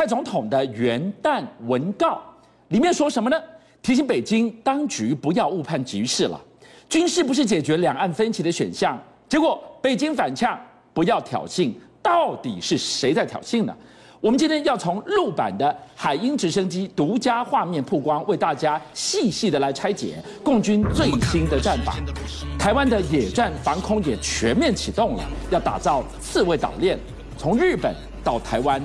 蔡總統的元旦文告裡面說什麼呢？提醒北京當局不要誤判局勢了，軍事不是解決兩岸分歧的選項。結果北京反嗆，不要挑釁，到底是誰在挑釁呢？我們今天要從陸版的海鷹直升機獨家畫面曝光，為大家細細地來拆解共軍最新的戰法。台灣的野戰防空也全面啟動了，要打造刺蝟島鏈，從日本到台灣。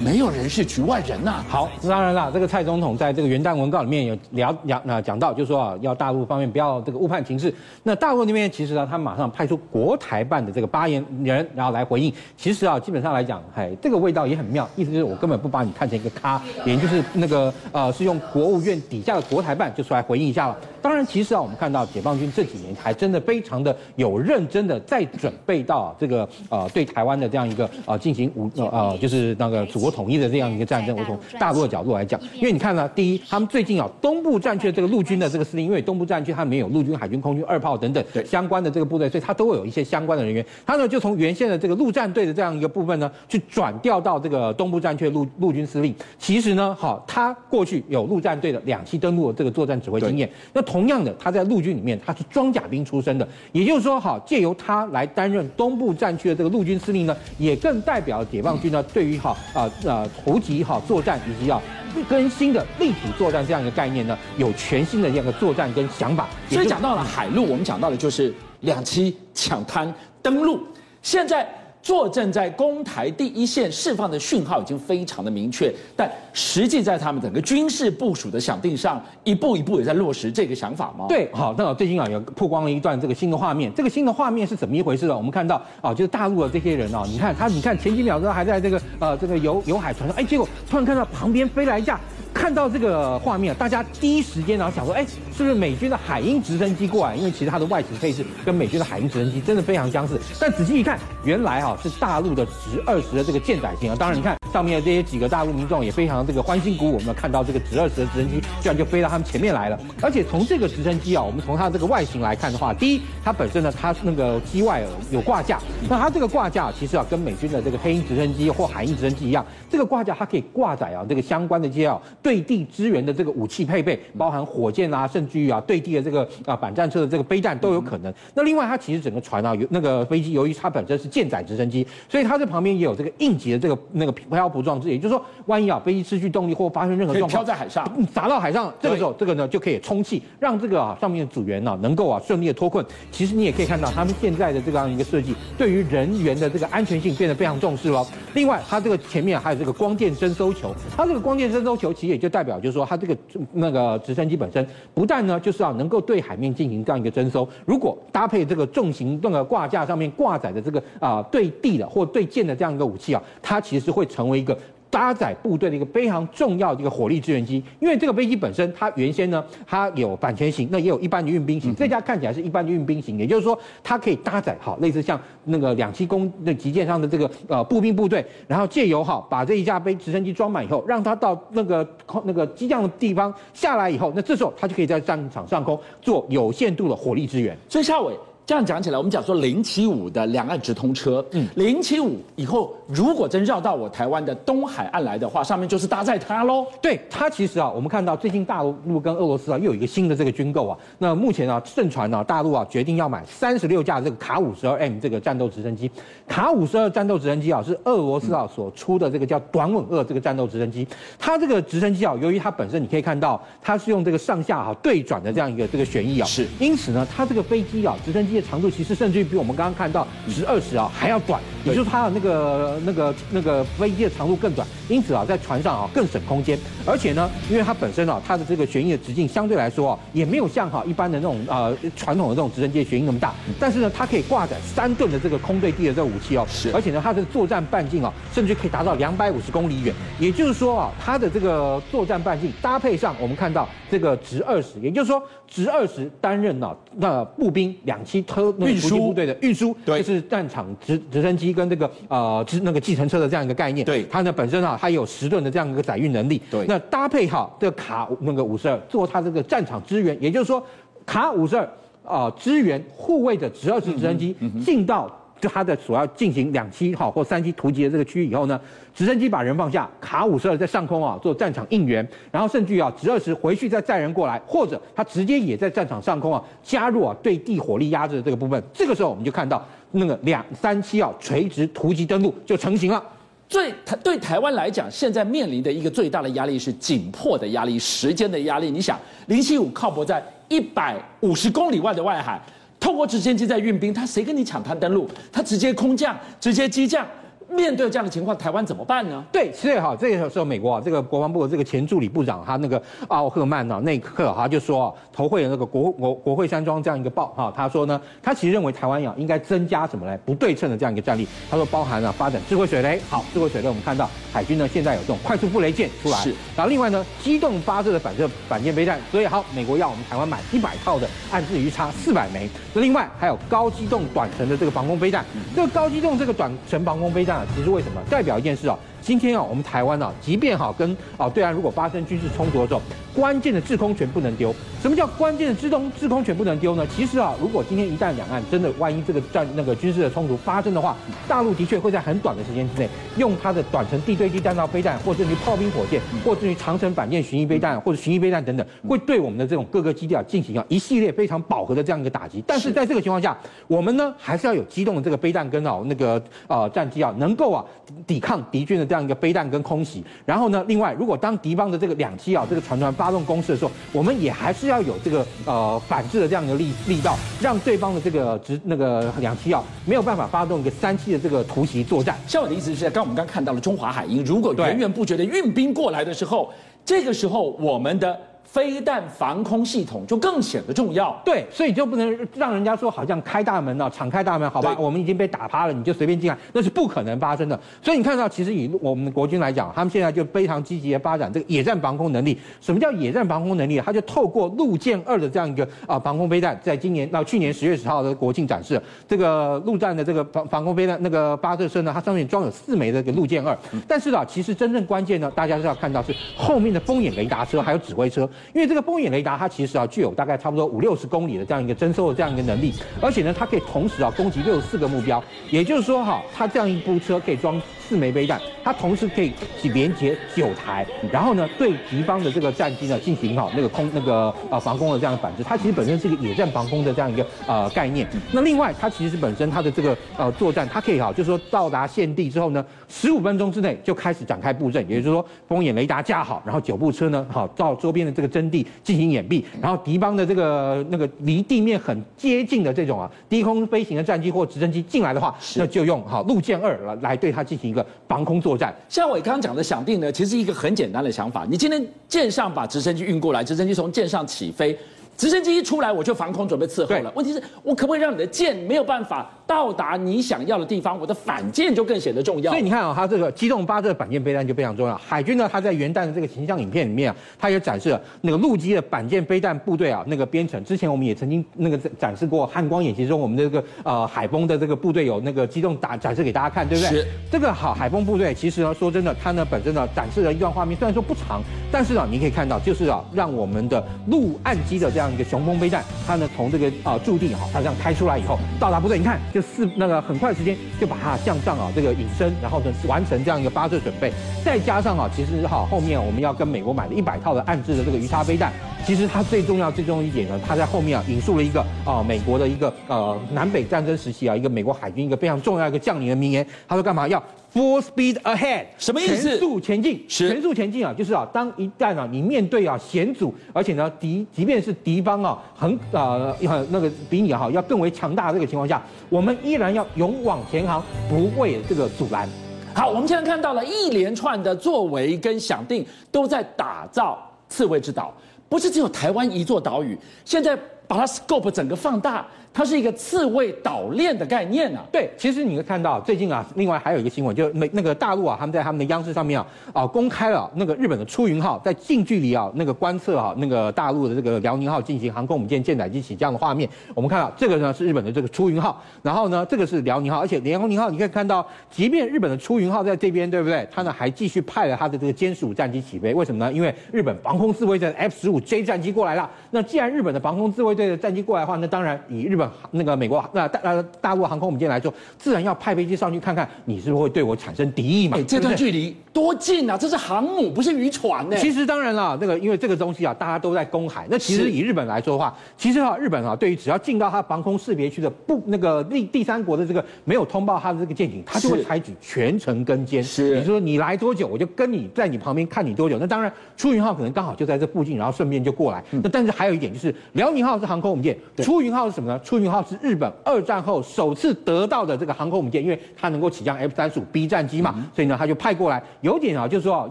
沒有人是局外人吶、啊。好，當然啦。這個蔡總統在這個元旦文告裡面有聊聊啊，講到就是說啊，要大陸方面不要這個誤判情勢。那大陸那邊其實啊，他馬上派出國台辦的這個發言人，然後來回應。其實啊，基本上來講，嗨，這個味道也很妙，意思就是我根本不把你看成一個咖，也就是那個呃，是用國務院底下的國台辦就出來回應一下了。當然，其實啊，我們看到解放軍這幾年還真的非常的有認真的在準備到、啊、這個啊、呃，對臺灣的這樣一個啊、呃、進行武啊、呃，就是那個主。我統一的這樣一個戰爭，我從大陸的角度來講，因為你看呢、啊，第一，他們最近啊，東部戰區的這個陸軍的這個司令，因為東部戰區他沒有陸軍、海軍、空軍、二炮等等相關的這個部隊，所以他都會有一些相關的人員。他呢，就從原先的這個陸戰隊的這樣一個部分呢，去轉調到這個東部戰區陸陸軍司令。其實呢，好，他過去有陸戰隊的兩棲登陸的這個作戰指揮經驗。那同樣的，他在陸軍裡面他是裝甲兵出身的，也就是說，好，借由他來擔任東部戰區的這個陸軍司令呢，也更代表解放軍呢，對於好啊、呃。呃，突擊哈作戰，以及要更新的立體作戰這樣一個概念呢，有全新的這樣的作戰跟想法。所以講到了海陸、嗯，我們講到了就是兩棲搶灘登陸，現在。坐鎮在攻台第一線釋放的訊號已經非常的明確，但實際在他們整個軍事部署的想定上，一步一步也在落實這個想法嗎？對，好，那我最近啊有曝光了一段這個新的畫面，這個新的畫面是怎麼一回事呢？我們看到啊，就是大陸的這些人啊，你看他，你看前幾秒鐘還在這個呃這個游遊海船上，哎，結果突然看到旁邊飛來一架。看到這個畫面啊，大家第一時間然後想說，哎，是不是美軍的海鷹直升機過來？因為其實它的外形配置跟美軍的海鷹直升機真的非常相似。但仔細一看，原來啊是大陸的直二十的這個艦載型啊。當然，你看上面的這些幾個大陸民眾也非常這個歡欣鼓舞，我們看到這個直二十的直升機居然就飛到他們前面來了。而且從這個直升機啊，我們從它的這個外形來看的話，第一，它本身呢，它那個機外有掛架。那它這個掛架其實啊，跟美軍的這個黑鷹直升機或海鷹直升機一樣，這個掛架它可以掛載啊這個相關的機啊。對地支援的這個武器配備，包含火箭啊，甚至於啊，對地的這個啊反戰車的這個飛彈都有可能。嗯、那另外，它其實整個船啊，有那個飛機，由於它本身是艦載直升機，所以它這旁邊也有這個應急的這個那個漂浮裝置。也就是說，萬一啊飛機失去動力或發生任何狀況，可以漂在海上，砸到海上。這個時候，這個呢就可以充氣，讓這個啊上面的組員呢、啊、能夠啊順利的脫困。其實你也可以看到，他們現在的這樣、啊、一個設計，對於人員的這個安全性變得非常重視哦。另外，它這個前面還有這個光電偵搜球，它這個光電偵搜球其實。也。就代表就是說，它這個那個直升機本身不但呢，就是啊，能夠對海面進行這樣一個徵搜。如果搭配這個重型那個掛架上面掛載的這個啊、呃，對地的或對艦的這樣一個武器啊，它其實會成為一個。搭載部隊的一個非常重要的一個火力支援機，因為這個飛機本身它原先呢，它有反潛型，那也有一般的運兵型。嗯、這架看起來是一般的運兵型，也就是說它可以搭載好類似像那個兩棲攻那擊艦上的這個呃步兵部隊，然後借由好把這一架飛直升機裝滿以後，讓它到那個空那個機降的地方下來以後，那這時候它就可以在戰場上空做有限度的火力支援。施孝瑋。這樣講起來，我們講說零七五的兩岸直通車，嗯，零七五以後如果真繞到我台灣的東海岸來的話，上面就是搭載它嘍。對，它其實啊，我們看到最近大陸跟俄羅斯啊又有一個新的這個軍購啊，那目前啊盛傳呢、啊，大陸啊決定要買三十六架這個卡五十二 M 這個戰鬥直升機。卡五十二戰鬥直升機啊，是俄羅斯啊、嗯、所出的這個叫短吻鱷這個戰鬥直升機。它這個直升機啊，由於它本身你可以看到，它是用這個上下啊對轉的這樣一個這個旋翼啊，是。因此呢，它這個飛機啊，直升機、啊。長度其實甚至於比我們剛剛看到直二十啊還要短。也就是它的那個那個那個飛機的長度更短，因此啊，在船上啊更省空間。而且呢，因為它本身啊，它的這個旋翼的直徑相對來說啊，也沒有像哈、啊、一般的那種呃傳統的這種直升機的旋翼那麼大。嗯、但是呢，它可以掛載三噸的這個空對地的這個武器哦。是。而且呢，它的作戰半徑啊，甚至可以達到兩百五十公里遠。也就是說啊，它的這個作戰半徑搭配上，我們看到這個直二十，也就是說直二十擔任啊那、呃、步兵兩棲車運輸部，部隊的運輸，對，就是戰場直直升機。跟這、那個呃，之，那個計程車的這樣一個概念，對。它呢本身啊，它有十噸的這樣一個載運能力，對。那搭配好這個、卡那個五十二做它這個戰場支援，也就是說卡五十二啊支援護衛的直二十直升機、嗯嗯、進到就它的所要進行兩棲好或三棲突擊的這個區域以後呢，直升機把人放下，卡五十二在上空啊做戰場應援，然後甚至於啊直二十回去再載人過來，或者它直接也在戰場上空啊加入啊對地火力壓制的這個部分，這個時候我們就看到。那個兩三七號、哦、垂直突擊登陸就成型了，最台對，對台灣來講，現在面臨的一個最大的壓力是緊迫的壓力、時間的壓力。你想，零七五靠泊在一百五十公里外的外海，透過直升機在運兵，他誰跟你搶灘登陸？他直接空降，直接機降。面對這樣的情況，台灣怎麼辦呢？對，所以哈，這個時候美國啊，這個國防部的這個前助理部長他那個奧、啊、赫曼呢、啊，那一刻他就說、啊，投會那個國國國會山莊這樣一個報哈、哦，他說呢，他其實認為台灣啊應該增加什麼呢？不對稱的這樣一個戰力。他說包含了、啊、發展智慧水雷，好，智慧水雷我們看到海軍呢現在有這種快速布雷艦出來，是，然後另外呢機動發射的反射反艦飛彈，所以好，美國要我們台灣買一百套的，按字魚叉四百枚，另外還有高機動短程的這個防空飛彈，嗯、這個高機動這個短程防空飛彈。其實為什麼？代表一件事啊、哦今天啊，我們台灣啊，即便哈跟啊對岸如果發生軍事衝突的時候，關鍵的制空權不能丟。什麼叫關鍵的制空制空權不能丟呢？其實啊，如果今天一旦兩岸真的萬一這個戰那個軍事的衝突發生的話，大陸的確會在很短的時間之內，用它的短程地對地彈道飛彈，或甚至於炮兵火箭，或甚至於長程反艦巡弋飛彈，或者巡弋飛彈等等，會對我們的這種各個基地啊進行啊一系列非常飽和的這樣一個打擊。但是在這個情況下，我們呢還是要有機動的這個飛彈跟哦那個啊戰機啊，能夠啊抵抗敵軍的這樣。這樣一個飛彈跟空襲，然後呢，另外如果當敵方的這個兩棲啊這個船船發動攻勢的時候，我們也還是要有這個呃反制的這樣的力力道，讓對方的這個直那個兩棲啊沒有辦法發動一個三棲的這個突襲作戰。像我的意思是在剛我們剛看到了中華海鷹，如果源源不絕的運兵過來的時候，這個時候我們的。飛彈防空系統就更顯得重要，對，所以就不能讓人家說好像開大門啊，敞開大門，好吧，我們已經被打趴了，你就隨便進來，那是不可能發生的。所以你看到，其實以我們的國軍來講，他們現在就非常積極的發展這個野戰防空能力。什麼叫野戰防空能力？它就透過陸劍二的這樣一個啊防空飛彈，在今年到去年十月十號的國慶展示，這個陸戰的這個防防空飛彈那個發射車呢，它上面裝有四枚的這個陸劍二。但是啊，其實真正關鍵呢，大家是要看到是後面的蜂眼雷達車，還有指揮車。因為這個蜂眼雷達，它其實啊具有大概差不多五六十公里的這樣一個偵搜的這樣一個能力，而且呢，它可以同時啊攻擊六十四個目標，也就是說哈、啊，它這樣一部車可以裝四枚飛彈，它同時可以連接九台，然後呢，對敵方的這個戰機呢進行哈、啊、那個空那個啊、呃、防空的這樣的反制，它其實本身是一個野戰防空的這樣一個呃概念。那另外，它其實本身它的這個呃作戰，它可以哈、啊、就是說到達現地之後呢，十五分鐘之內就開始展開布陣，也就是說蜂眼雷達架好，然後九部車呢好到周邊的這個。陣地進行掩蔽，然後敵方的這個那個離地面很接近的這種啊低空飛行的戰機或直升機進來的話，那就用好陸劍二來來對它進行一個防空作戰。像我剛剛講的想定呢，其實一個很簡單的想法，你今天艦上把直升機運過來，直升機從艦上起飛，直升機一出來我就防空準備伺候了。問題是我可不可以讓你的艦沒有辦法？到達你想要的地方，我的反艦就更顯得重要。所以你看啊、哦，它這個機動發射的反艦飛彈就非常重要。海軍呢，它在元旦的這個形象影片裡面啊，它也展示了那個陸基的反艦飛彈部隊啊，那個編成。之前我們也曾經那個展示過漢光演習中，我們的這個呃海鋒的這個部隊有那個機動打展示給大家看，對不對？是。這個好，海鋒部隊其實呢，說真的，它呢本身呢展示了一段畫面，雖然說不長，但是呢，你可以看到就是啊，讓我們的陸岸基的這樣一個雄風飛彈，它呢從這個啊駐、呃、地哈，它這樣開出來以後，到達部隊，你看。四那個很快的時間就把它向上啊，這個隱身，然後呢完成這樣一個發射準備，再加上啊，其實哈後面我們要跟美國買了一百套的岸置的這個魚叉飛彈。其實它最重要、最重要一點呢，它在後面啊引述了一個啊、呃、美國的一個呃南北戰爭時期啊一個美國海軍一個非常重要一個將領的名言，他說幹嘛要 full speed ahead，什麼意思？全速前進，是全速前進啊，就是啊當一旦啊你面對啊險阻，而且呢敵即便是敵方啊很啊、呃、那個比你哈、啊、要更為強大的這個情況下，我們依然要勇往前行，不畏這個阻攔好。好，我們現在看到了一連串的作為跟想定都在打造刺蝟之島。不是只有台灣一座島嶼，現在。把它 scope 整個放大，它是一個刺蝟島鏈的概念啊。對，其實你會看到最近啊，另外還有一個新聞，就是美那個大陸啊，他們在他們的央視上面啊啊公開了那個日本的出雲號在近距離啊那個觀測啊那個大陸的這個遼寧號進行航空母艦艦載機起降的畫面。我們看到這個呢是日本的這個出雲號，然後呢這個是遼寧號，而且遼寧號你可以看到，即便日本的出雲號在這邊，對不對？他呢還繼續派了他的這個殲十五戰機起飛，為什麼呢？因為日本防空自衛戰 F 十五 J 戰機過來了。那既然日本的防空自衛，對的戰機過來的話，那當然以日本那個美國那大呃大，大陸航空母艦來說，自然要派飛機上去看看你是不是會對我產生敵意嘛？哎、欸，這段距離多近啊！這是航母，不是漁船呢。其實當然了，那個因為這個東西啊，大家都在公海。那其實以日本來說的話，其實哈、啊，日本啊，對於只要進到它防空識別區的不那個第第三國的這個沒有通報它的這個艦艇，它就會採取全程跟監，也就是說你來多久，我就跟你在你旁邊看你多久。那當然，出雲號可能剛好就在這附近，然後順便就過來。嗯、那但是還有一點就是，遼寧號是。航空母艦“出雲號”是什麼呢？“出雲號”是日本二戰後首次得到的這個航空母艦，因為它能夠起降 F 三十五 B 戰機嘛，嗯，所以呢，他就派過來，有點啊，就是說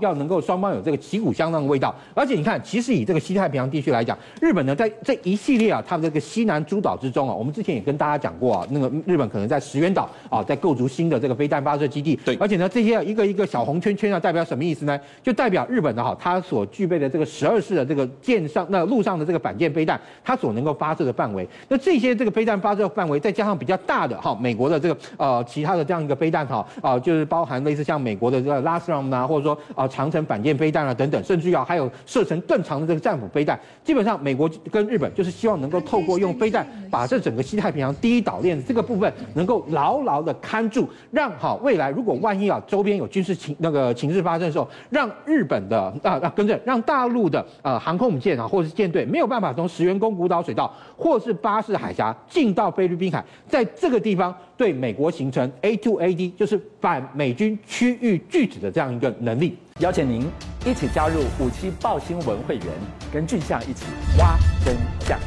要能夠雙方有這個旗鼓相當的味道。而且你看，其實以這個西太平洋地區來講，日本呢，在這一系列啊，它的這個西南諸島之中啊，我們之前也跟大家講過啊，那個日本可能在石垣島啊，在構築新的這個飛彈發射基地。對，而且呢，這些、啊、一個一個小紅圈圈啊，代表什麼意思呢？就代表日本的哈、啊，它所具備的這個十二式的這個艦上那陸上的這個反艦飛彈，它所能夠。發射的範圍，那這些這個飛彈發射的範圍，再加上比較大的哈，美國的這個呃其他的這樣一個飛彈哈啊，就是包含類似像美國的這個 LRASM 啊，或者說、呃、長啊長程反艦飛彈啊等等，甚至啊還有射程更長的這個戰斧飛彈，基本上美國跟日本就是希望能夠透過用飛彈。把這整個西太平洋第一島鏈這個部分能夠牢牢的看住，讓好未來如果萬一啊周邊有軍事情那個情勢發生的時候，讓日本的啊啊更正讓大陸的啊、呃、航空母艦啊或者是艦隊沒有辦法從石垣宮古島水道或是巴士海峽進到菲律賓海，在這個地方對美國形成 A2AD 就是反美軍區域拒止的這樣一個能力。邀請您一起加入五七爆新聞會員，跟俊相一起挖真相。